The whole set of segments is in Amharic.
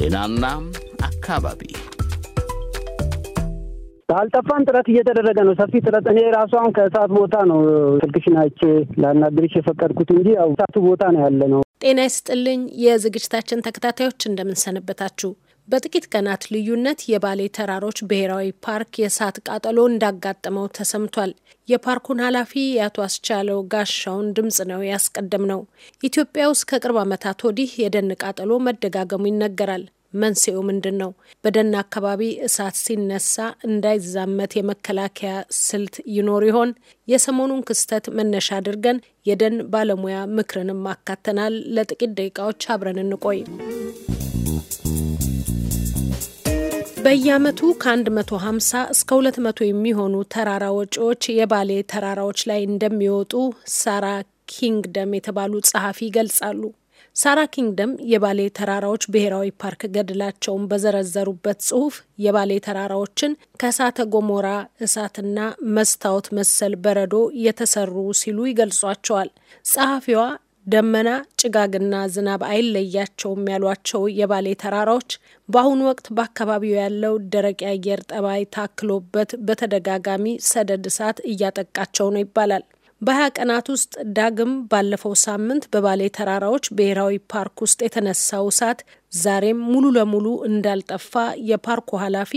ጤናና አካባቢ አልጠፋም። ጥረት እየተደረገ ነው፣ ሰፊ ጥረት። እኔ ራሱ አሁን ከእሳት ቦታ ነው ስልክሽን አይቼ ላናግርሽ የፈቀድኩት እንጂ ያው እሳቱ ቦታ ነው ያለ ነው። ጤና ይስጥልኝ የዝግጅታችን ተከታታዮች እንደምንሰነበታችሁ። በጥቂት ቀናት ልዩነት የባሌ ተራሮች ብሔራዊ ፓርክ የእሳት ቃጠሎ እንዳጋጠመው ተሰምቷል። የፓርኩን ኃላፊ የአቶ አስቻለው ጋሻውን ድምፅ ነው ያስቀደም ነው። ኢትዮጵያ ውስጥ ከቅርብ ዓመታት ወዲህ የደን ቃጠሎ መደጋገሙ ይነገራል። መንስኤው ምንድን ነው? በደን አካባቢ እሳት ሲነሳ እንዳይዛመት የመከላከያ ስልት ይኖር ይሆን? የሰሞኑን ክስተት መነሻ አድርገን የደን ባለሙያ ምክርንም አካተናል። ለጥቂት ደቂቃዎች አብረን እንቆይ። በየዓመቱ ከ150 እስከ 200 የሚሆኑ ተራራ ወጪዎች የባሌ ተራራዎች ላይ እንደሚወጡ ሳራ ኪንግደም የተባሉ ጸሐፊ ይገልጻሉ። ሳራ ኪንግደም የባሌ ተራራዎች ብሔራዊ ፓርክ ገድላቸውን በዘረዘሩበት ጽሑፍ የባሌ ተራራዎችን ከእሳተ ገሞራ እሳትና መስታወት መሰል በረዶ የተሰሩ ሲሉ ይገልጿቸዋል። ጸሐፊዋ ደመና ጭጋግና ዝናብ አይለያቸውም ያሏቸው የባሌ ተራራዎች በአሁኑ ወቅት በአካባቢው ያለው ደረቅ የአየር ጠባይ ታክሎበት በተደጋጋሚ ሰደድ እሳት እያጠቃቸው ነው ይባላል። በሀያ ቀናት ውስጥ ዳግም ባለፈው ሳምንት በባሌ ተራራዎች ብሔራዊ ፓርክ ውስጥ የተነሳው እሳት ዛሬም ሙሉ ለሙሉ እንዳልጠፋ የፓርኩ ኃላፊ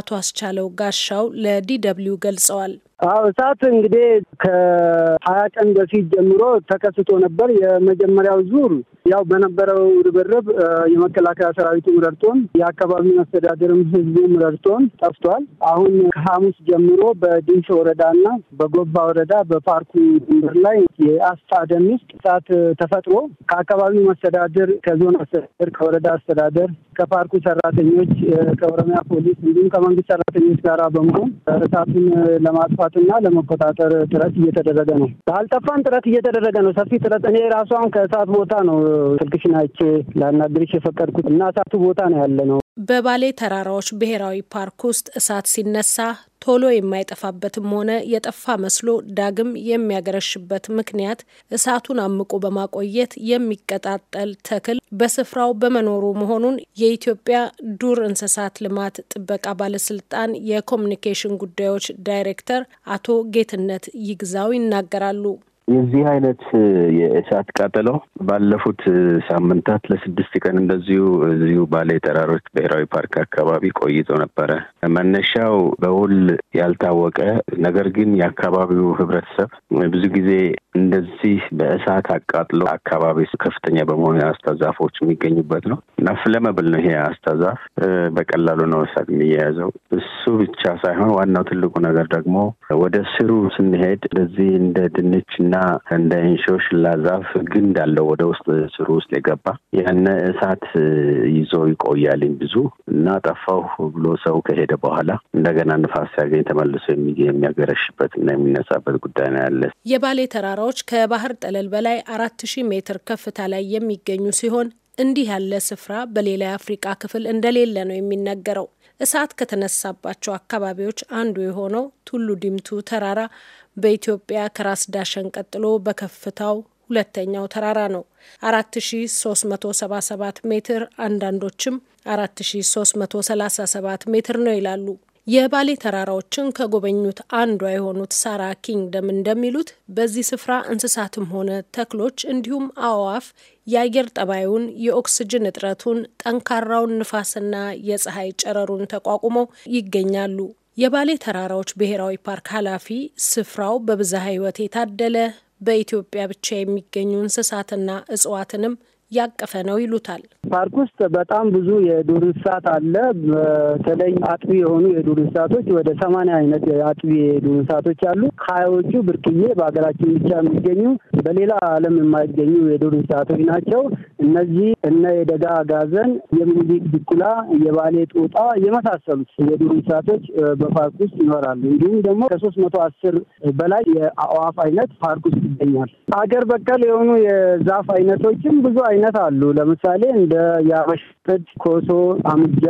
አቶ አስቻለው ጋሻው ለዲ ገልጸዋል። አዎ እሳት እንግዲህ ከሀያ ቀን በፊት ጀምሮ ተከስቶ ነበር። የመጀመሪያው ዙር ያው በነበረው ርብርብ የመከላከያ ሰራዊቱም ረድቶን የአካባቢ አስተዳደርም ህዝቡም ረድቶን ጠፍቷል። አሁን ከሐሙስ ጀምሮ በድንሽ ወረዳና በጎባ ወረዳ በፓርኩ ድንበር ላይ የአስፋ ደን ውስጥ እሳት ተፈጥሮ ከአካባቢው መስተዳደር፣ ከዞን አስተዳደር፣ ከወረዳ አስተዳደር፣ ከፓርኩ ሰራተኞች፣ ከኦሮሚያ ፖሊስ እንዲሁም ከመንግስት ሰራተኞች ጋራ በመሆን እሳቱን ለማጥፋት ለማጥፋትና ለመቆጣጠር ጥረት እየተደረገ ነው። ባልጠፋን ጥረት እየተደረገ ነው። ሰፊ ጥረት እኔ ራሷን ከእሳት ቦታ ነው ስልክሽን አይቼ ላናግርሽ የፈቀድኩት እና እሳቱ ቦታ ነው ያለ ነው። በባሌ ተራራዎች ብሔራዊ ፓርክ ውስጥ እሳት ሲነሳ ቶሎ የማይጠፋበትም ሆነ የጠፋ መስሎ ዳግም የሚያገረሽበት ምክንያት እሳቱን አምቆ በማቆየት የሚቀጣጠል ተክል በስፍራው በመኖሩ መሆኑን የኢትዮጵያ ዱር እንስሳት ልማት ጥበቃ ባለስልጣን የኮሚኒኬሽን ጉዳዮች ዳይሬክተር አቶ ጌትነት ይግዛው ይናገራሉ። የዚህ አይነት የእሳት ቃጠሎ ባለፉት ሳምንታት ለስድስት ቀን እንደዚሁ እዚሁ ባሌ ተራሮች ብሔራዊ ፓርክ አካባቢ ቆይቶ ነበረ። መነሻው በውል ያልታወቀ ነገር ግን የአካባቢው ህብረተሰብ ብዙ ጊዜ እንደዚህ በእሳት አቃጥሎ አካባቢ ከፍተኛ በመሆኑ አስተዛፎች የሚገኙበት ነው እና ፍለመብል ነው። ይሄ አስተዛፍ በቀላሉ ነው እሳት የሚያያዘው። እሱ ብቻ ሳይሆን ዋናው ትልቁ ነገር ደግሞ ወደ ስሩ ስንሄድ እንደዚህ እንደ ድንች እና እንደ እንሾሽላ ዛፍ ግንድ አለው ወደ ውስጥ ስሩ ውስጥ የገባ ያነ እሳት ይዞ ይቆያልኝ ብዙ እና ጠፋሁ ብሎ ሰው ከሄደ በኋላ እንደገና ንፋስ ሲያገኝ ተመልሶ የሚያገረሽበት እና የሚነሳበት ጉዳይ ነው ያለ የባሌ ተራራዎች ተራሮች ከባህር ጠለል በላይ አራት ሜትር ከፍታ ላይ የሚገኙ ሲሆን እንዲህ ያለ ስፍራ በሌላ የአፍሪቃ ክፍል እንደሌለ ነው የሚነገረው። እሳት ከተነሳባቸው አካባቢዎች አንዱ የሆነው ቱሉ ዲምቱ ተራራ በኢትዮጵያ ከራስ ዳሸን ቀጥሎ በከፍታው ሁለተኛው ተራራ ነው። 4377 ሜትር፣ አንዳንዶችም 4337 ሜትር ነው ይላሉ። የባሌ ተራራዎችን ከጎበኙት አንዷ የሆኑት ሳራ ኪንግደም እንደሚሉት በዚህ ስፍራ እንስሳትም ሆነ ተክሎች እንዲሁም አዋፍ የአየር ጠባዩን፣ የኦክስጅን እጥረቱን፣ ጠንካራውን ንፋስና የፀሐይ ጨረሩን ተቋቁመው ይገኛሉ። የባሌ ተራራዎች ብሔራዊ ፓርክ ኃላፊ ስፍራው በብዝሃ ሕይወት የታደለ በኢትዮጵያ ብቻ የሚገኙ እንስሳትና እጽዋትንም ያቀፈ ነው ይሉታል። ፓርክ ውስጥ በጣም ብዙ የዱር እንስሳት አለ። በተለይ አጥቢ የሆኑ የዱር እንስሳቶች ወደ ሰማንያ አይነት አጥቢ የዱር እንስሳቶች አሉ። ከሀያዎቹ ብርቅዬ በሀገራችን ብቻ የሚገኙ በሌላ ዓለም የማይገኙ የዱር እንስሳቶች ናቸው። እነዚህ እነ የደጋ አጋዘን፣ የሚኒሊክ ድኩላ፣ የባሌ ጦጣ የመሳሰሉት የዱር እንስሳቶች በፓርክ ውስጥ ይኖራሉ። እንዲሁም ደግሞ ከሶስት መቶ አስር በላይ የአዋፍ አይነት ፓርክ ውስጥ ይገኛል። አገር በቀል የሆኑ የዛፍ አይነቶችም ብዙ አይነት አሉ። ለምሳሌ እንደ የአበሻ ኮሶ፣ አምጃ፣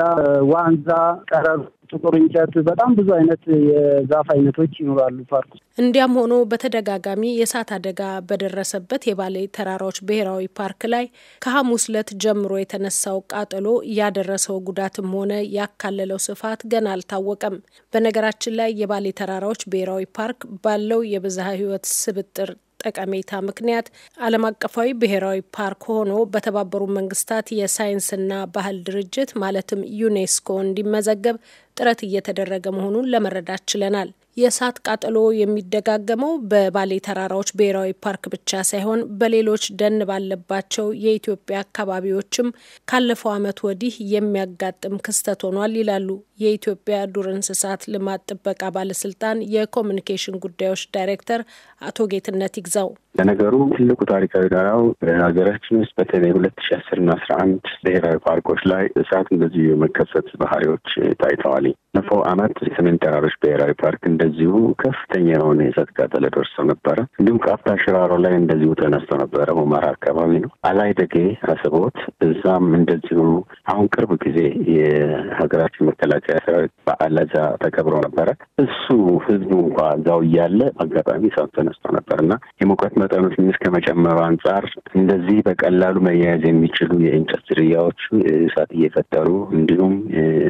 ዋንዛ፣ ቀረብ ጥቁር እንጨት በጣም ብዙ አይነት የዛፍ አይነቶች ይኖራሉ ፓርኩ። እንዲያም ሆኖ በተደጋጋሚ የእሳት አደጋ በደረሰበት የባሌ ተራራዎች ብሔራዊ ፓርክ ላይ ከሐሙስ ዕለት ጀምሮ የተነሳው ቃጠሎ ያደረሰው ጉዳትም ሆነ ያካለለው ስፋት ገና አልታወቀም። በነገራችን ላይ የባሌ ተራራዎች ብሔራዊ ፓርክ ባለው የብዝሃ ሕይወት ስብጥር ጠቀሜታ ምክንያት ዓለም አቀፋዊ ብሔራዊ ፓርክ ሆኖ በተባበሩ መንግስታት የሳይንስና ባህል ድርጅት ማለትም ዩኔስኮ እንዲመዘገብ ጥረት እየተደረገ መሆኑን ለመረዳት ችለናል። የእሳት ቃጠሎ የሚደጋገመው በባሌ ተራራዎች ብሔራዊ ፓርክ ብቻ ሳይሆን በሌሎች ደን ባለባቸው የኢትዮጵያ አካባቢዎችም ካለፈው ዓመት ወዲህ የሚያጋጥም ክስተት ሆኗል ይላሉ የኢትዮጵያ ዱር እንስሳት ልማት ጥበቃ ባለስልጣን የኮሚኒኬሽን ጉዳዮች ዳይሬክተር አቶ ጌትነት ይግዛው። ለነገሩ ትልቁ ታሪካዊ ዳራው ሀገራችን ውስጥ በተለይ ሁለት ሺ አስር እና አስራ አንድ ብሔራዊ ፓርኮች ላይ እሳት እንደዚሁ የመከሰት ባህሪዎች ታይተዋል። ባለፈው ዓመት የሰሜን ተራሮች ብሔራዊ ፓርክ እንደ እንደዚሁ ከፍተኛ የሆነ የእሳት ቃጠሎ ደርሶ ነበረ። እንዲሁም ቃፍታ ሽራሮ ላይ እንደዚሁ ተነስቶ ነበረ። ሁመራ አካባቢ ነው። አላይ ደጌ አስቦት እዛም እንደዚሁ አሁን ቅርብ ጊዜ የሀገራችን መከላከያ ሰራዊት በአላዛ ተከብሮ ነበረ። እሱ ህዝቡ እንኳ እዛው እያለ አጋጣሚ እሳት ተነስቶ ነበር እና የሙቀት መጠኑ ትንሽ ከመጨመሩ አንጻር እንደዚህ በቀላሉ መያያዝ የሚችሉ የእንጨት ዝርያዎቹ እሳት እየፈጠሩ እንዲሁም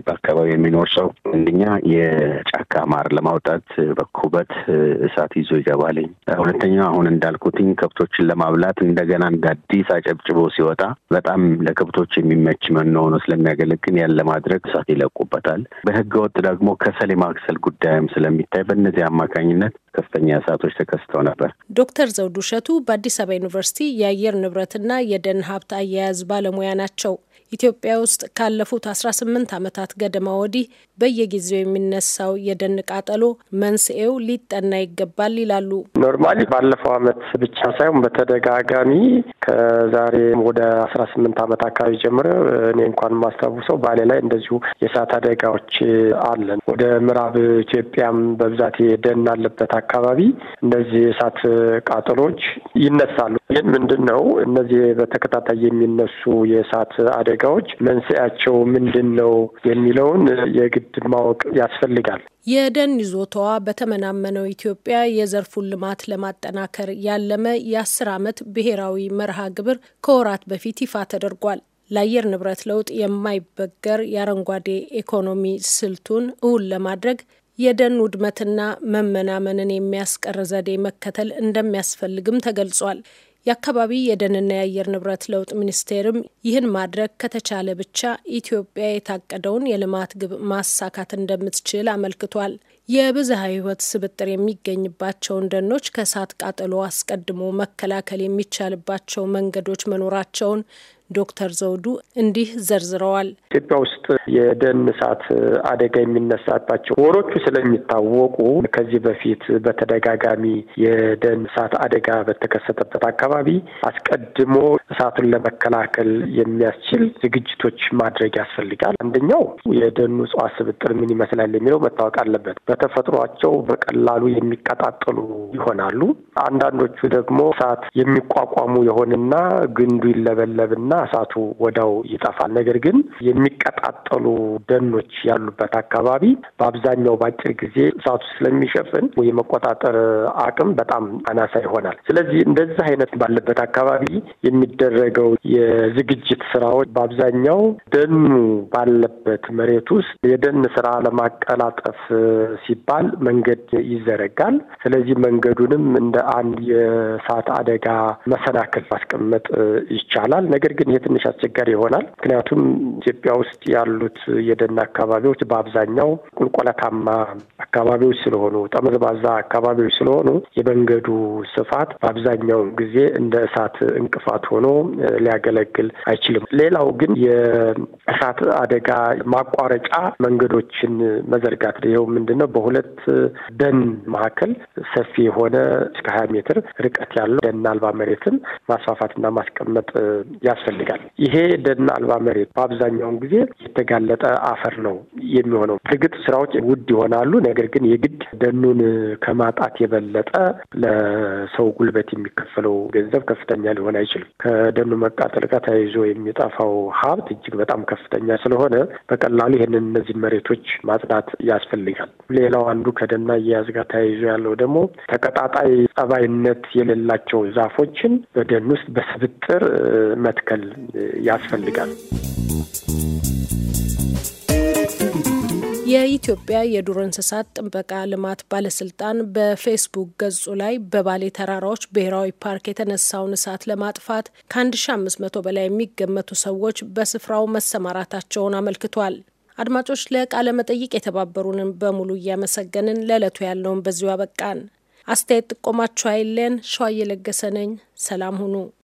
በአካባቢ የሚኖር ሰው አንደኛ የጫካ ማር ለማውጣት አይነት በኩበት እሳት ይዞ ይገባልኝ። ሁለተኛው አሁን እንዳልኩትኝ ከብቶችን ለማብላት እንደገና እንደ አዲስ አጨብጭቦ ሲወጣ በጣም ለከብቶች የሚመች መኖ ሆኖ ስለሚያገለግል ያን ለማድረግ እሳት ይለቁበታል። በህገ ወጥ ደግሞ ከሰል የማክሰል ጉዳይም ስለሚታይ በእነዚህ አማካኝነት ከፍተኛ እሳቶች ተከስተው ነበር። ዶክተር ዘውዱ እሸቱ በአዲስ አበባ ዩኒቨርሲቲ የአየር ንብረትና የደን ሀብት አያያዝ ባለሙያ ናቸው። ኢትዮጵያ ውስጥ ካለፉት 18 ዓመታት ገደማ ወዲህ በየጊዜው የሚነሳው የደን ቃጠሎ መንስኤው ሊጠና ይገባል ይላሉ። ኖርማሊ ባለፈው አመት ብቻ ሳይሆን በተደጋጋሚ ከዛሬ ወደ 18 ዓመት አካባቢ ጀምረ እኔ እንኳን የማስታውሰው ባሌ ላይ እንደዚሁ የእሳት አደጋዎች አለን። ወደ ምዕራብ ኢትዮጵያም በብዛት የደን አለበት አካባቢ እነዚህ የእሳት ቃጠሎች ይነሳሉ። ግን ምንድን ነው እነዚህ በተከታታይ የሚነሱ የእሳት አደጋዎች መንስኤያቸው ምንድን ነው የሚለውን የግድ ማወቅ ያስፈልጋል። የደን ይዞታዋ በተመናመነው ኢትዮጵያ የዘርፉን ልማት ለማጠናከር ያለመ የአስር ዓመት ብሔራዊ መርሃ ግብር ከወራት በፊት ይፋ ተደርጓል። ለአየር ንብረት ለውጥ የማይበገር የአረንጓዴ ኢኮኖሚ ስልቱን እውን ለማድረግ የደን ውድመትና መመናመንን የሚያስቀር ዘዴ መከተል እንደሚያስፈልግም ተገልጿል። የአካባቢ የደንና የአየር ንብረት ለውጥ ሚኒስቴርም ይህን ማድረግ ከተቻለ ብቻ ኢትዮጵያ የታቀደውን የልማት ግብ ማሳካት እንደምትችል አመልክቷል። የብዝሃ ሕይወት ስብጥር የሚገኝባቸውን ደኖች ከእሳት ቃጠሎ አስቀድሞ መከላከል የሚቻልባቸው መንገዶች መኖራቸውን ዶክተር ዘውዱ እንዲህ ዘርዝረዋል። ኢትዮጵያ ውስጥ የደን እሳት አደጋ የሚነሳባቸው ወሮቹ ስለሚታወቁ ከዚህ በፊት በተደጋጋሚ የደን እሳት አደጋ በተከሰተበት አካባቢ አስቀድሞ እሳቱን ለመከላከል የሚያስችል ዝግጅቶች ማድረግ ያስፈልጋል። አንደኛው የደኑ እጽዋት ስብጥር ምን ይመስላል የሚለው መታወቅ አለበት። በተፈጥሯቸው በቀላሉ የሚቀጣጠሉ ይሆናሉ። አንዳንዶቹ ደግሞ እሳት የሚቋቋሙ የሆንና ግንዱ ይለበለብና እሳቱ ወዳው ይጠፋል። ነገር ግን የሚቀጣጠሉ ደኖች ያሉበት አካባቢ በአብዛኛው በአጭር ጊዜ እሳቱ ስለሚሸፍን የመቆጣጠር አቅም በጣም አናሳ ይሆናል። ስለዚህ እንደዚህ አይነት ባለበት አካባቢ የሚደረገው የዝግጅት ስራዎች በአብዛኛው ደኑ ባለበት መሬት ውስጥ የደን ስራ ለማቀላጠፍ ሲባል መንገድ ይዘረጋል። ስለዚህ መንገዱንም እንደ አንድ የእሳት አደጋ መሰናክል ማስቀመጥ ይቻላል። ነገር ግን ለማግኘት ትንሽ አስቸጋሪ ይሆናል። ምክንያቱም ኢትዮጵያ ውስጥ ያሉት የደን አካባቢዎች በአብዛኛው ቁልቆለታማ አካባቢዎች ስለሆኑ፣ ጠመዝባዛ አካባቢዎች ስለሆኑ የመንገዱ ስፋት በአብዛኛው ጊዜ እንደ እሳት እንቅፋት ሆኖ ሊያገለግል አይችልም። ሌላው ግን የእሳት አደጋ ማቋረጫ መንገዶችን መዘርጋት ይኸው ምንድን ነው በሁለት ደን መካከል ሰፊ የሆነ እስከ ሀያ ሜትር ርቀት ያለው ደን አልባ መሬትን ማስፋፋትና ማስቀመጥ ያስፈልጋል። ይፈልጋል። ይሄ ደን አልባ መሬት በአብዛኛውን ጊዜ የተጋለጠ አፈር ነው የሚሆነው። እርግጥ ስራዎች ውድ ይሆናሉ። ነገር ግን የግድ ደኑን ከማጣት የበለጠ ለሰው ጉልበት የሚከፈለው ገንዘብ ከፍተኛ ሊሆን አይችልም። ከደኑ መቃጠል ጋር ተያይዞ የሚጠፋው ሀብት እጅግ በጣም ከፍተኛ ስለሆነ በቀላሉ ይህንን እነዚህ መሬቶች ማጽዳት ያስፈልጋል። ሌላው አንዱ ከደን አያያዝ ጋር ተያይዞ ያለው ደግሞ ተቀጣጣይ ጸባይነት የሌላቸው ዛፎችን በደን ውስጥ በስብጥር መትከል ያስፈልጋል። የኢትዮጵያ የዱር እንስሳት ጥበቃ ልማት ባለስልጣን በፌስቡክ ገጹ ላይ በባሌ ተራራዎች ብሔራዊ ፓርክ የተነሳውን እሳት ለማጥፋት ከ1500 በላይ የሚገመቱ ሰዎች በስፍራው መሰማራታቸውን አመልክቷል። አድማጮች፣ ለቃለ መጠይቅ የተባበሩንን በሙሉ እያመሰገንን ለዕለቱ ያለውን በዚሁ አበቃን። አስተያየት ጥቆማችሁ አይለን ሸዋ እየለገሰ ነኝ። ሰላም ሁኑ።